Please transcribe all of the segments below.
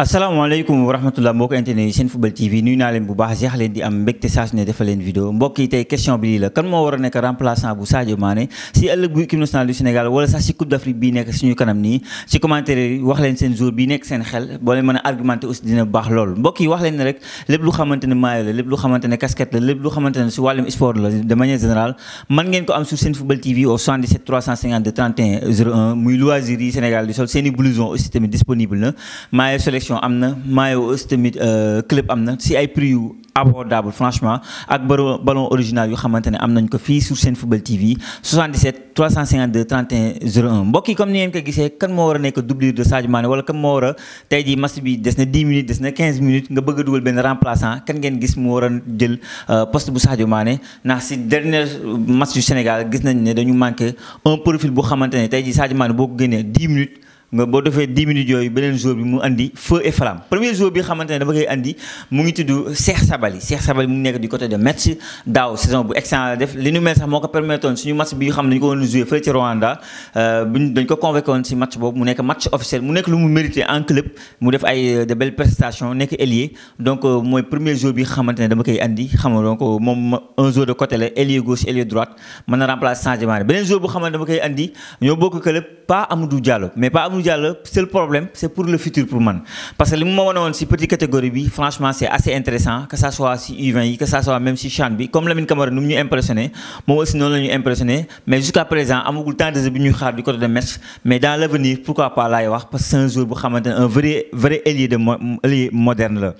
asalaamaaleykum wa rahmatulah mbok internet sen football TV nuy naa leen bu baax jeex leen di am mbekté saa su ne defal vidéo mbok yi tay question bi la kan mo wara nek remplaçant bu Sadio Mané si ëllëg bu équipe nationale du Sénégal wala sax ci Coupe d'Afrique bi nek suñu kanam ni si commentaire wax leen sen jour bi nek sen xel bo leen mëna argumenter aussi dina baax lool mbok yi wax leen ne rek lepp lu xamante maillot la lepp lu xamante casquette la lepp lu xamante ci si sport la de manière générale man ngeen ko am sur sen football TV au 77 352 31 01 muy loisir yi Sénégal di sol sen blouson aussi tamit disponible na maillot sélection la chaîne maillot clip, club si prix abordable franchement ak ballon original yu sur football TV 77 352 31 01 mbokki comme ni ngeen ko kan de Sadio Mané wala kan match bi 10 minutes 15 minutes nga bëgg remplaçant kan euh, poste bu Sadio Mané si dernier euh, match du Sénégal nañ dañu profil bu 10 minutes nga boo defee 10 minutes yooyu benen jour bi mu andi feu et flamme premier jour bi xamantene ne dafa andi mu ngi tudd Cheikh sabali Cheikh sabali mu ngi nekk du côté de match daw saison bu excellent def li nu mel sax moko ko permettoon suñu match bi xam ne dañu ko won jouer fële ci Rwanda euh buñ dañ ko convoqué woon si match bobu mu nekk match officiel mu nekk lu mu mérité en club mu def ay euh, de belles prestations nekk ailier donc euh, moy premier jour bi xamantene ne dama koy andi xam nga donc euh, moom un jour de côté là ailier gauche ailier droite man na remplacer changement benen jour bu xamante ne dama koy andi ñoo bokk club pas Amadou Diallo mais pas le le seul problème c'est pour le futur pour moi parce que les moment où on petite catégorie franchement c'est assez intéressant que ça soit si U20 que ça soit même si Chanbi bi comme Lamine Camara nous nous nous impressionné moi aussi nous nous impressionnés mais jusqu'à présent à temps de temps de nous faire du côté de Metz mais dans l'avenir pourquoi pas laay wax parce que c'est un jour un vrai vrai ailier de ailier moderne là.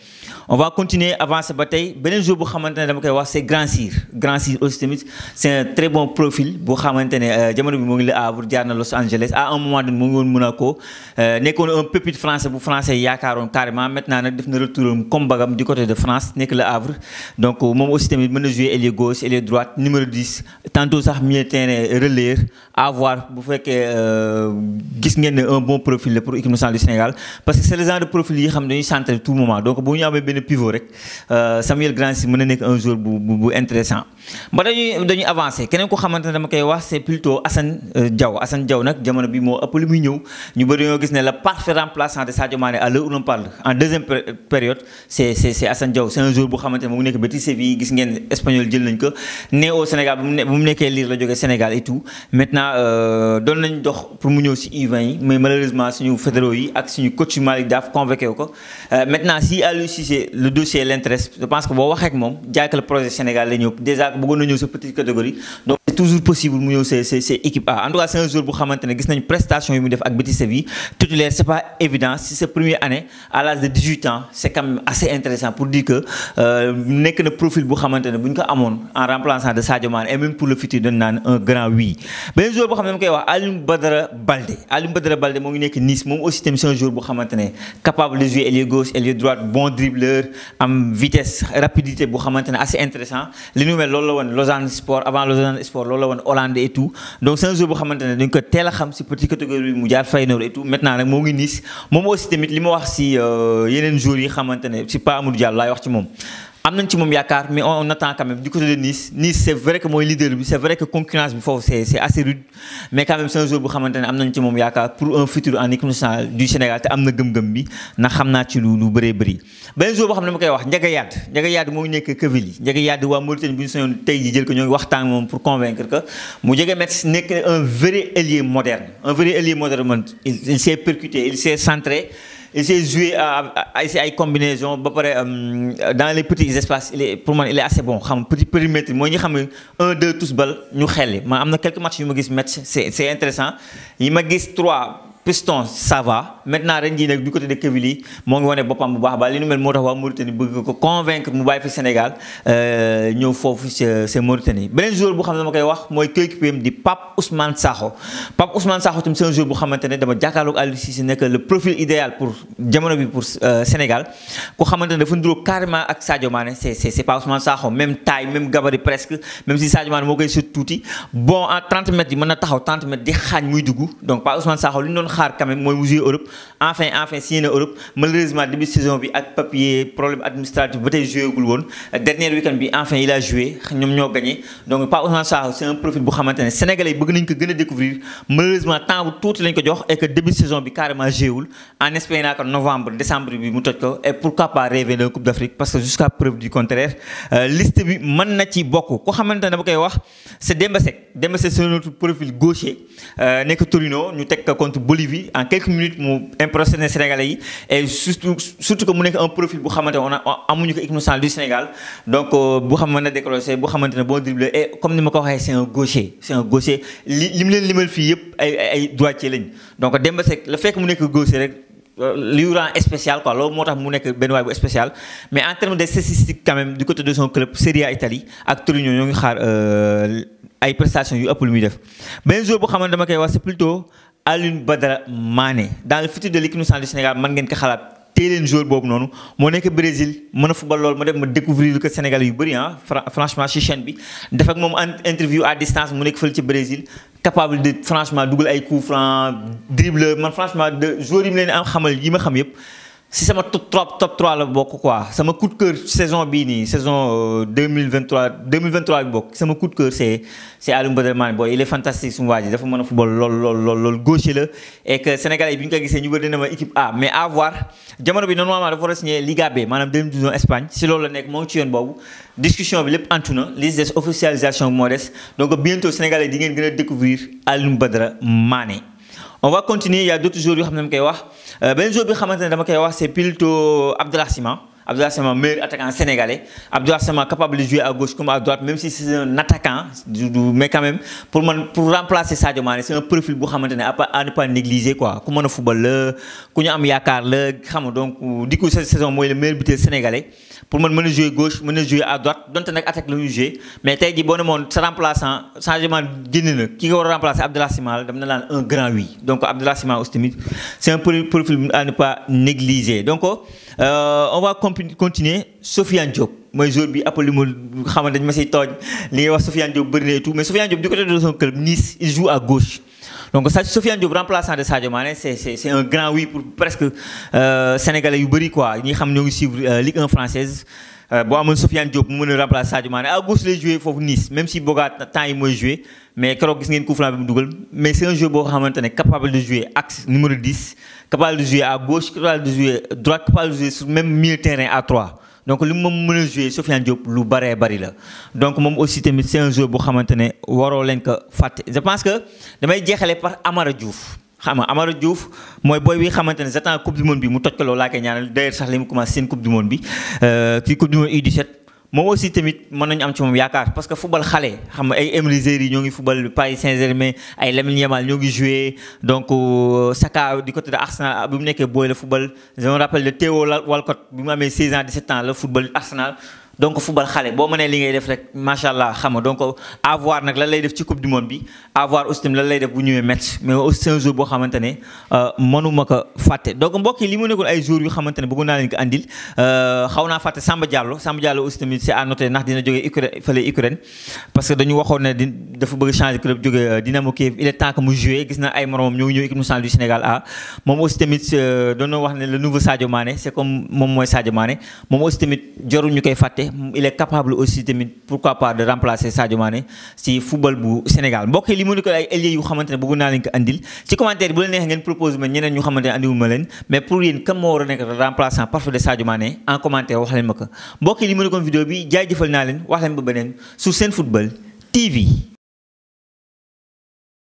on va continuer avant cette bataille le premier jour que ne dama koy c'est Grand Sir, Grand Sir c'est un très bon profil bu xamante ne euh, jamono bi à ngi Los Angeles à un moment donné mon Monaco euh, nous avons un de français pour français carrément maintenant nous avons comme du côté de France que Le Havre donc euh, moom aussi tamit gauche droite numéro 10 tantôt sax milieu de relire, avoir, euh, un bon profil pour équipe nationale du Sénégal parce que c'est le genre de profil yi xam tout moment donc pivot Samuel Grand, si un jour bu bu intéressant Nous dañuy avancé keneen ko nous dama c'est plutôt Hassan Diaw ñu bëri ñoo gis ne le parfait remplaçant de Sadio Mané à l'heure où l'on parle en deuxième période c'est c'est c'est Assane c'est un jour bu xamante ne mu ngi nekk Betis Séville gis ngeen espagnol jël nañ ko né au Sénégal bu mu ne bu la Sénégal et tout maintenant euh, doon nañ dox pour mu ñëw si U20 mais malheureusement suñu fédéraux yi ak suñu coach Malick Daf, convoqué wu ko euh, maintenant si à Aliou c'est le dossier l'intéresse je pense que boo waxee ak que le projet Sénégal la ñëw déjà bëggoon na ñëw petite catégorie donc c'est toujours possible mu ñëw c'est équipe A en tout cas c'est un jour bu xamante ne gis nañ prestation yi mu def ak Betis Séville vie. Titulaire, c'est pas évident. Si c'est première année, à l'âge de 18 ans, c'est quand même assez intéressant pour dire que euh, n'est que le profil maintenir. Bounka Amon, en remplaçant de Sadio Man, et même pour le futur de Nan, un grand oui. Ben, joueur Boukhamantene, Alum Badra Balde. Alum Badra Balde, mon unique Nice, mon aussi, c'est un joueur Boukhamantene, capable de jouer ailier gauche, ailier droite, bon dribbleur, en vitesse, rapidité Boukhamantene, assez intéressant. Les nouvelles, Lolowan, Lausanne Sport, avant Lausanne Sport, Lolowan, Hollande et tout. Donc, c'est un joueur maintenir. donc, tel Ham, c'est petit catégorie, fait Fayno, solo et tout maintenant nak mo ngi niis mom aussi tamit li ma wax si euh, yeneen jours yi xamantene ci Pa Amadou Diallo laay wax ci mom am ci mom yaakaar mais on attend quand même du côté de Nice Nice c'est vrai que moi leader bi c' vrai que concurrence bi fofu c'est c'est assez rude mais quand même c'est un jour bu xamante ne ci mom yaakaar pour un futur en équipe nationale du Sénégal té amna gëm-gëm bi na xamna ci lu lu béré béré beneen joueur boo xam ne koy wax Ndiaga yad Ndiaga yad mo nekk Quevilly Ndiaga yad, waa Mauritanie bu ñu tay ji jël ko ñoy ngi waxtaan pour convaincre que mu Ndiaga met nek un vrai ailier moderne un vrai ailier moderne il s'est percuté il s'est centré j'ai joué une combinaison ba euh, dans les petits espaces il est pour moi il est assez bon xam petit périmètre moi je sais un deux tous nous ñu xelli Il y a quelques matchs yu ma me match c'est c'est intéressant il ma a trois piston ça va maintenant ren jii du côté de Kevili mo ngi woné bopam bu baax ba li ñu mel motax wa Mauritanie bëgg ko convaincre mu bay fi Sénégal euh, ñëw foofu ca ca Mauritanie beneen jour bu xam dama koy wax mooy coéquipier di Pape Ousmane Sakho Pape Ousmane Sakho tim c'est un jour bu xamantene dama jakkalok Ali Cissé nek le profil idéal pour jamono bi pour euh, Sénégal ko xamantene ne dafa nduróo carrément ak Sadio Mané c'est c'est c'est Pape Ousmane Sakho même taille même gabarit presque même si Sadio Mané mo koy sut touti bon en 30 mètres di mëna taxaw 30 mètres di xaañ muy duggu donc Pape Ousmane Sakho li ñu doon xaar quand même mooy Europe enfin enfin signé Europe malheureusement début saison bi ak papier problème administratif ba tey joué gul woon dernier week-end bi enfin il a joué ñoom ñoo gagné donc pas autant ça c'est un profil bu xamante ne sénégalais yi bëgg nañ ko gën a découvrir malheureusement temps bu tuuti lañ ko jox et que début saison bi carrément joué wul en espérant que novembre décembre bi mu toj ko et pourquoi pas rêver de Coupe d'Afrique parce que jusqu'à preuve du contraire euh, liste bi mën na ci bokk ko xamante ne ba wax c'est Dembasek Dembasek sur notre profil gaucher euh, nekk Torino ñu teg ko contre Bolivie suivi en quelques minutes mon impressionné Sénégalais et surtout surtout que mon est un profil bu xamante on a amuñu ko nous du Sénégal donc euh, bu xam mën décroché bu xamante bon dribble et comme ni ma ko c'est un gaucher c'est un gaucher limite limite mu leen ay droitier donc Demba le fait que mu nekk gaucher rek euh, li spécial quoi l'homme moo tax mu nekk benn bu spécial mais en termes de statistiques quand même du côté de son club Serie A Italie actuellement Torino ñoo ngi xaar euh, ay prestations yu ëpp lu muy def benn jour bu xamante dama wax c'est plutôt Alioune Badara Mané dans le futur de l'équipe du Sénégal man ngeen ko xalaat tey leen joueur boobu noonu moo nekk Brésil mën a football loolu ma dem ma découvrir que Sénégal yu bëri ah franchement ci bi def moom interview à distance mu nekk fële ci Brésil capable de franchement dugal ay coups francs dribbleur man franchement de joueur yi mu leen am xamal yi ma xam yëpp ça ma top top trois la bokk quoi sama coup de cœur saison bini, saison 2023, 2023, vingt trois deux mille vingt sama coup de cœur c'est c'est c' est Mané boy il est fantastique suñu wadi dafa mën football lol lol lol gauche là, et que sénégalais biñ ko gissé ñu bëri na ma équipe A mais à voir jamono bi normalement dafa war a signé Liga B manam deuxième Espagne si loolu la nek mo ci yoon bobu discussion bi lépp antu liste des officialisation mo dess donc bientôt sénégalais di ngeen gëna découvrir Aliou Mbadé Mané on va continuer il y a d'autres jours yoo euh, ben, je ne dama jour bi xamante c'est plutôt Abdallah Sima hein. Sima meilleur attaquant sénégalais Abdallah Sima capable de jouer à gauche comme à droite même si c'est un attaquant hein, mais quand même pour remplacer Sadio Mané c'est un profil bu xamante à ne pas négliger quoi ku le a football la ku ñu am yaakaar donc di cette saison c'est le meilleur buteur sénégalais pour mën je joue à gauche je a jouer à droite donc nag attaque la jouer mais tey dit bon demoon sa remplaçant changement de na Qui nga qui remplacer Abdallah Simal, un grand oui donc Abdallah Simal aussi c'est un profil à ne pas négliger donc euh, on va continuer Sofiane Diop moi je bi appelé ma xamante dañ ma siy tooñ li wax Sofiane Diop et tout mais Sofiane Diop du côté de son club Nice il joue à gauche donc Sofiane Diop remplaçant de Sadio Mané c'est un grand oui pour presque euh, sénégalais yu quoi ñi xam a euh, Ligue 1 française euh, Bon, amoon Sofiane Diop mu mën a Sadio Mané à gauche il faut foofu Nice même si Bogat temps yi mooy joué mais quand gis ngeen coup franc mais c'est un jeu qui est capable de jouer axe numéro 10 capable de jouer à gauche capable de jouer à droite capable de jouer sur même milieu terrain à 3 donc le moment où je joue, Sofiane Diop lu barré, barré la donc moi aussi c'est un un jeu capable de jouer waroo leen ko fàtte je pense que damay jeexale par Amara Diouf xam nga Amara Diouf mooy boy bi xamante ne j'attends coupe du monde bi mu toj ko loolu laa koy ñaanal d'ailleurs sax li mu commencé seen coupe du monde bi fii euh, coupe du monde U17 moom aussi tamit mën nañu am ci moom yaakaar parce que football xale xam nga ay Emery yi ñoo ngi football Paris Saint-Germain ay Lamine Yamal ñoo ngi joué donc euh, Saka di côté de Arsenal bi mu nekkee booy la football je me rappelle de Théo Walcott bi mu amee 16 ans 17 ans la football Arsenal donc football xalé bo mané li ngay def rek machallah allah xam donc avoir nak nag lan lay def ci coupe du monde bi avoir voir aussi tamit lan lay def bu ñëwee match mais aussi c'est un jour boo xamante ne euh, mënuma ko fàtte donc mbokk li mu nekkul ay jours yu xamante ne bëggoon leen ko andil euh xawna faté Samba Diallo Samba Diallo aussi tamit c'est à noter ndax dina joggé Ukraine fële Ukraine parce que dañu waxone ne dafa bëgg changer club joggé euh, Dynamo Kiev il est temps que mu jouer gis na ay morom ñoo ngi ñëw équipe nationale du Sénégal a mom aussi tamit euh, doon na wax né le nouveau Sadio Mané c'est comme mom moy Sadio Mané moom aussi tamit joru ñu koy fàtte il est capable aussi tamit pourquoi pas de remplacer Sadio Mané si football bu Sénégal mbokk li mu ko ailier yu xamantene ne bëgg leen ko andil ci commentaire bu la neexee ngeen propose ma ñeneen ñu xamantene ne andiwu leen mais pour yéen kan mo wara nek remplaçant parfait de Sadio Mané en commentaire wax leen mako ko li mu nekkoon vidéo bi jaajëfal na leen wax leen ba benen sur seen football TV.